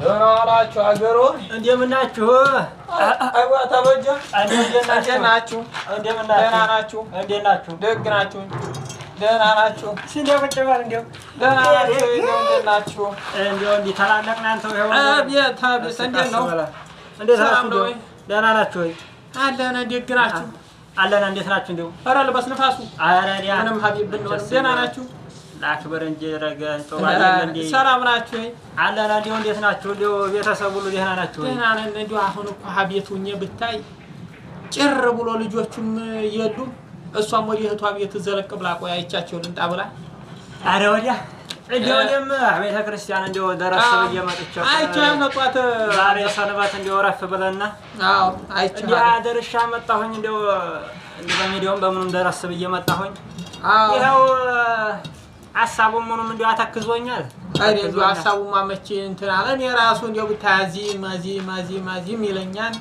ደህና ዋላችሁ። አገሩ እንደምናችሁ? ተበጀ እንዴት ናችሁ? ደህና ናችሁ? እንዴት ናችሁ? ደግ ናችሁ? ደህና ናችሁ? ደህና ናችሁ? እንዴት አለነ ደግ ናችሁ? እንዴት ናችሁ? እንደው ኧረ ልበስ ንፋሱ ምንም ሀቢብ ብንሆን ደህና ናችሁ? ላክብር እንጂ ረገ ሰላም ናችሁ አለና፣ እንዲሁ እንዴት ናችሁ? እንዲሁ ቤተሰብ ሁሉ ደህና ናችሁ? ደህና ነን። እንዲሁ አሁን እኮ አቤት ሁኜ ብታይ ጭር ብሎ ልጆቹም የሉም። እሷም ወደ እህቷ ቤት ዘለቅ ብላ ቆይ አይቻቸው ልምጣ ብላ አረ ወዲያ እንዲሁም ቤተ ክርስቲያን እንዲሁ ደረስ ብዬ መጥቼው አይቼው ያመጧት ዛሬ ሰንበት እንዲሁ ረፍ ብለና እንዲህ አደርሻ መጣሁኝ። እንዲሁ እንዲሁ በሚዲያውም በምኑም ደረስ ብዬ መጣሁኝ። ይኸው ሀሳቡ ምኑም እንዲያው አተክዞኛል። እንዲያው ሀሳቡማ መቼ እንትን አለ። እኔ ራሱ እንዲያው ብታያዚ መዚ መዚ መዚም ይለኛል።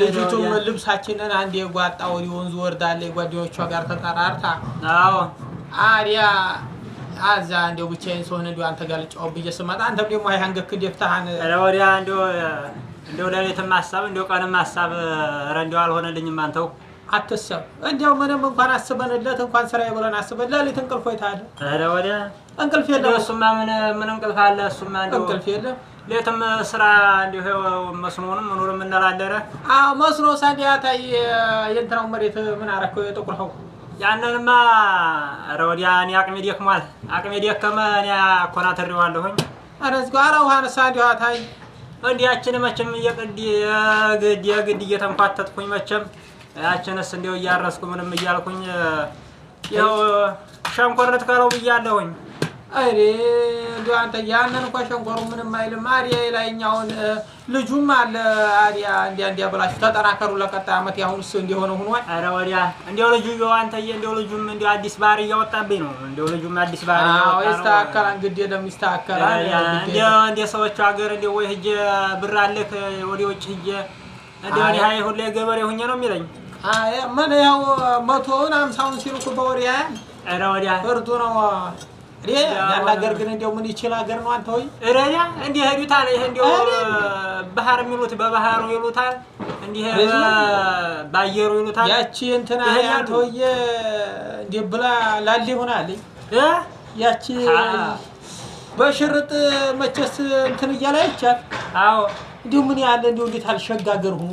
ልጅቱም ልብሳችንን አንድ የጓጣ ወዲ ወንዙ ወርዳለ የጓደኞቿ ጋር ተጠራርታ አሪያ አዛ እንዲያው ብቻዬን ሰሆን እንዲያው አንተ ጋር ልጫወት ብዬ ስመጣ አንተም ደግሞ አይ አንገክ ደፍታህን ወዲያ እንዲያው ሌሊትም ሀሳብ እንዲያው ቀንም ሀሳብ ኧረ እንዲያው አልሆነልኝም አንተው አትሰብ እንዲያው ምንም እንኳን አስበንለት እንኳን ስራ ብለን አስበን ለሊት እንቅልፍ ይታለ ኧረ ወዲያ እንቅልፍ የለም። እሱማ ምን ምን እንቅልፍ አለ? እሱማ እንቅልፍ የለም። ሌትም ስራ እንዲሁ መስኖንም ምኑርም እንላለን። አዎ መስኖ ሳዲያ ታይ የእንትናው መሬት ምን አደረከው? የጥቁር ያንንማ ኧረ ወዲያ እኔ አቅሜ ደክሟል። አቅሜ ደከመ። እኔ አኮናትሬዋለሁኝ። ኧረ እዚህ ጋር ውሃን ሳዲያ ታይ እንዲያችን መቼም የቅድ የግድ የግድ እየተንኳተትኩኝ መቼም ያችንስ እንዲው እያረስኩ ምንም እያልኩኝ ያው ሸንኮርነት ካለው ብያለሁኝ። እኔ እንዲሁ አንተ ያንን እኮ ሸንኮሩ ምንም አይልም። አዲያ የላይኛውን ልጁም አለ አዲያ እንዲያ እንዲያ ብላችሁ ተጠናከሩ ለቀጣይ ዓመት። ያሁን ስ እንዲሆነ ሁኗል። ኧረ ወዲያ እንዲው ልጁ ይኸው አንተዬ እንዲው ልጁም እንዲው አዲስ ባህሪ እያወጣብኝ ነው። እንዲው ልጁም አዲስ ባህሪ እያወጣ ይስተካከል እንግዲህ የለም ይስተካከላል። እንዲው እንደ ሰዎቹ ሀገር እንዲው ወይ ሂጅ ብር አለክ ወደ ውጭ ሂጅ እንዲሁ ሁሌ ገበሬ ሁኜ ነው የሚለኝ ምን ያው መቶውን አምሳውን ሲልኩ በወር ያህል ኧረ ወዲያ እርዱ ነው። ያን ሀገር ግን እንደው ምን ይችል ሀገር ነው አንተ ወይ ረዳ እንዲህ ሄዱታል። ይሄ እንደው ባህር የሚሉት በባህሩ ይሉታል፣ እንዲህ በአየሩ ይሉታል። ያቺ እንትና አንተ ወይ እንዲህ ብላ ላሌ ሆናለኝ ያቺ በሽርጥ መቼስ እንትን እያለ አይቻል። አዎ እንዲሁ ምን ያለ እንዲሁ እንዴት አልሸጋገር ሆኖ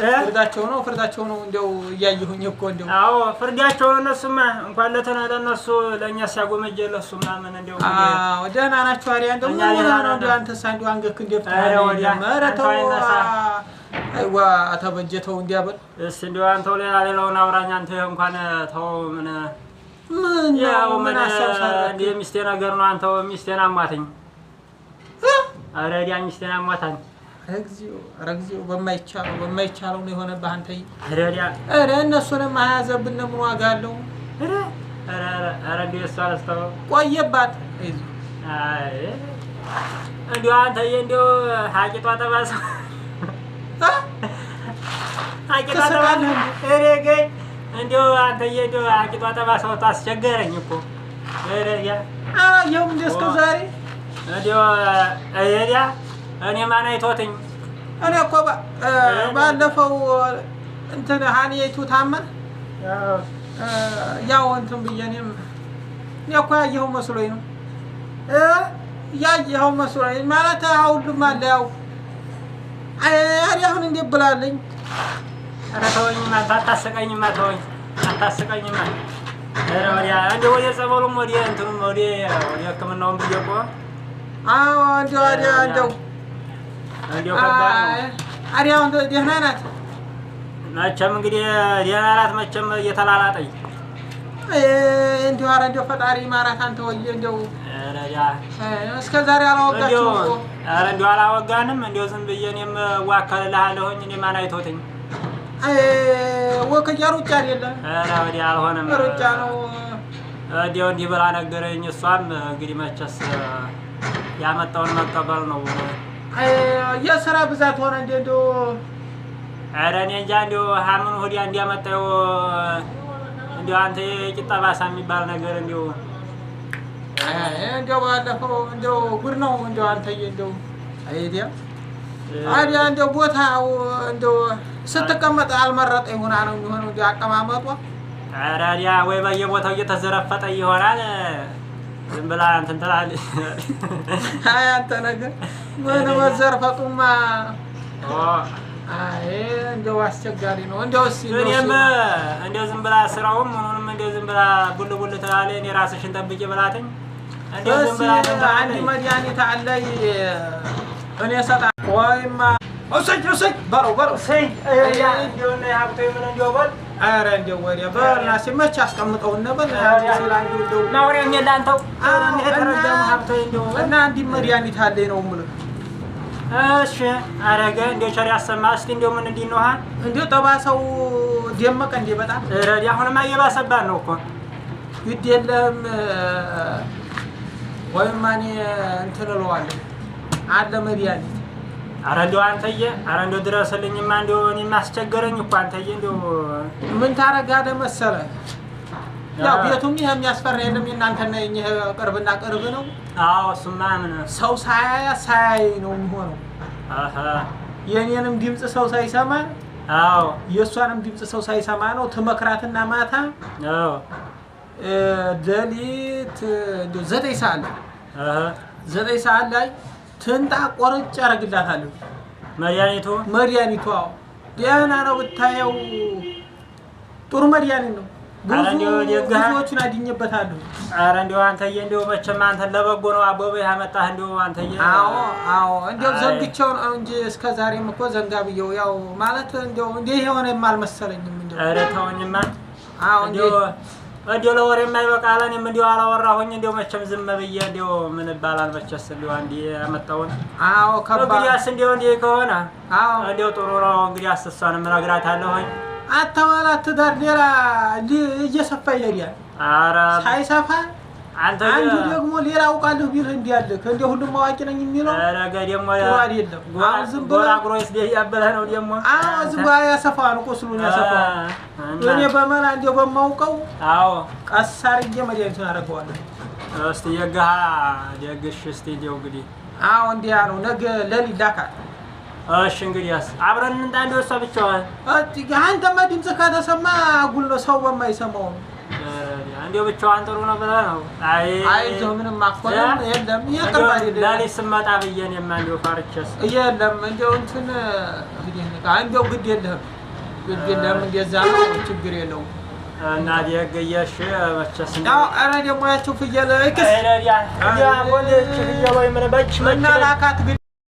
ፍርዳቸው ነው ፍርዳቸው ነው። እንደው እያየሁኝ እኮ እንደው አዎ ፍርዳቸው ነው። እነሱማ እንኳን ለተና ለነሱ ለእኛ ሲያጎመጀ ለሱ ምናምን እንደው አዎ ደህና ናቸው። አሪያ እንደው ነው እንዲያው አንተ ሳንዱ አንገክ እንዲያው ታዲያ አይዋ ተበጀተው እንዲያበል እስ እንዲያው አንተው ሌላ ሌላውን አውራኝ አንተ እንኳን ተው ምን ምን ያው ምን አሳሳረ የሚስቴ ነገር ነው። አንተው ሚስቴን አማተኝ አረዲያ ሚስቴን አማታኝ እግዚኦ ኧረ እግዚኦ በማይቻለው በማይቻለው ነው የሆነብህ አንተ። ኧረ እነሱንም አያዘብን ምን ዋጋ አለው? ኧረ እንዲሁ ቆየባት። እንዲሁ አንተዬ እንዲሁ ሀቂቷ ጠባሳ ሀቂቷ ጠባሳ ኧረ ገይ እንዲሁ አንተዬ እንዲሁ አስቸገረኝ እኮ እኔ ማን አይቶትኝ? እኔ እኮ ባለፈው እንትን ሀኒቱ ታመን ያው እንትን ብዬ እኔም እኔ እኮ ያየኸው መስሎኝ ነው ያየኸው መስሎኝ ማለት ሁሉም አለ ያው እኔ አሁን እንዴት ብላለኝ? ኧረ ተወኝማ አታስቀኝማ ተወኝ አታስቀኝማ እንደው ወደ ጸበሉም ወደ እንትኑም ወደ ሕክምናውም ብዬሽ እኮ እንደው እንዲያው ከባድ ነው። ደህና ናት መቼም እንግዲህ ደህና ናት መቼም እየተላላጠኝ እንዲሁ ኧረ እንዲያው ፈጣሪ ማራት አንተ ወዬ እንዲያው እስከ ዛሬ አላወጋችሁም እኮ ኧረ አላወጋንም እንዲያው ዝም ብዬ እኔም እዋከልልሃለሁኝ እኔ ማን አይቶትኝ ወክያ ሩጫ አይደለም ኧረ አልሆነም ሩጫ ነው እንዲያው እንዲህ ብላ ነገረኝ እሷም እንግዲህ መቼስ ያመጣውን መቀበል ነው የስራ ብዛት ሆነ እንዴ? እንደ ኧረ እኔ እንጃ እንደ ሀምን ሁዲያ እንዲያመጣው እንደ አንተ የቂጣ ባሳ የሚባል ነገር እንደ እንደ ባለፈው እንደ ጉድ ነው እንደ አንተዬ እንደ አይዲያ አዲያ እንደ ቦታው እንደ ስትቀመጥ አልመረጠ ይሆና ነው የሚሆነው እንዲ አቀማመጧ። ኧረ አይዲያ ወይ በየቦታው እየተዘረፈጠ ይሆናል። ዝም ብላ እንትን ትላለች። አይ አንተ ነገር ምን መዘርፈጡማ እንደው አስቸጋሪ ነው። እንደውስ እኔም እንደው ዝም ብላ ስራውም ምኑንም እንደው ዝም ብላ ቡል ቡል ትላለች። እኔ ራስሽን ጠብቂ ብላትኝ እንደው አንድ መድኃኒት አለኝ እኔ እሰጣለሁ ወይማ ውሰጅ ውሰጅ በለው በለው ሰይ እንደው ሀብቶ ምን እንደው በል ኧረ እንደው ወዲያ በእናትሽ መች አስቀምጠው እና እና እንዲህ መድኃኒት አለኝ ነው የምልህ። እሺ አረገ እንደው ቸር እስኪ እንደው ምን እንዲህ ነው እንደው ጠባሰው ደመቀ እንደ በጣም ረዲ አሁንማ እየባሰባት ነው እኮ ግድ የለም ወይም እንትን እለዋለሁ አለ መድኃኒት ኧረ እንደው አንተዬ፣ ኧረ እንደው ድረስልኝማ እንደው እኔማ አስቸገረኝ እኮ አንተዬ። እንደው ምን ታረጋለህ መሰለህ ያው ቤቱም ይሄ የሚያስፈራ የለም። እናንተና የእኛ ቅርብና ቅርብ ነው። አዎ እሱማ ምን ሰው ሳያያ ሳያይ ነው የሚሆነው። የእኔንም ድምፅ ሰው ሳይሰማ፣ አዎ የእሷንም ድምፅ ሰው ሳይሰማ ነው ትመክራትና ማታ ደሊት ዘጠኝ ሰዓት ላይ ዘጠኝ ሰዓት ላይ ትንጣ ቆርጭ ያደርግላታለሁ። መድኃኒቱ መድኃኒቱ አዎ፣ ደህና ነው ብታየው፣ ጥሩ መድኃኒት ነው። ብዙዎቹን አድኜበታለሁ። ኧረ እንዲሁ አንተዬ፣ እንዲሁ መቼም አንተን ለበጎ ነው አበበ ያመጣህ። እንዲሁ አንተዬ፣ አዎ አዎ፣ እንዲሁ ነው እንጂ እስከ ዛሬም እኮ ዘንጋ ብየው፣ ያው ማለት እንዲሁ እንዲህ የሆነ እንዲሁ ኧረ አዎ እንዲሁ እንዲሁ ለወር የማይበቃ አለንም እንዲያው አላወራሁኝ እንዲሁ መቼም ዝም ብዬ እንዲሁ ምን ይባላል መቼስ እንዲሁ አንዴ ያመጣውን አዎ ከባድ እንግዲያስ እንዲሁ እንዲህ ከሆነ አዎ እንዲሁ ጥሩ ነው እንግዲያስ እሷንም እነግራታለሁኝ አታዋላ ትዳር ሌላ እየሰፋ ይሄዳል ኧረ ሳይሰፋ አንዱ ደግሞ ሌላ አውቃለሁ ቢል እንዲህ አለህ እንደ ሁሉም አዋቂ ነኝ የሚለው ደግሞ አይደለም። ዝም ብሎ ያሰፋን ቁስሉን ያሰፋን። እኔ በመላ እንደው በማውቀው ቀስ አድርጌ መድኃኒቱን አደርገዋለሁ። እስኪ የገሀ ደግሽ እስኪ እንደው እንግዲህ አዎ፣ እንዲያ ነው። ነገ ለሊት ላካል። እሺ እንግዲያስ አብረን እንጣ እንደው እሷ አንተማ ድምፅህ ከተሰማ ጉል ነው ሰው በማይሰማው ነው እንዲያው ብቻዋን ጥሩ ነው ብለህ ነው? አይ አይዞህ፣ ምንም አኮንም የለም። ይቅርባ አይደለም ለእኔ ስመጣ ብዬሽ እኔማ እንዲያው ፈርቼስ የለም። እንዲያው እንትን እንዲያው ግድ የለህም ግድ የለህም። እንደዛ ነው፣ ችግር የለውም። እና ደግዬሽ መቼስ ነው ኧረ ደግሞ ያቺው ፍየል ክስ እና ላካት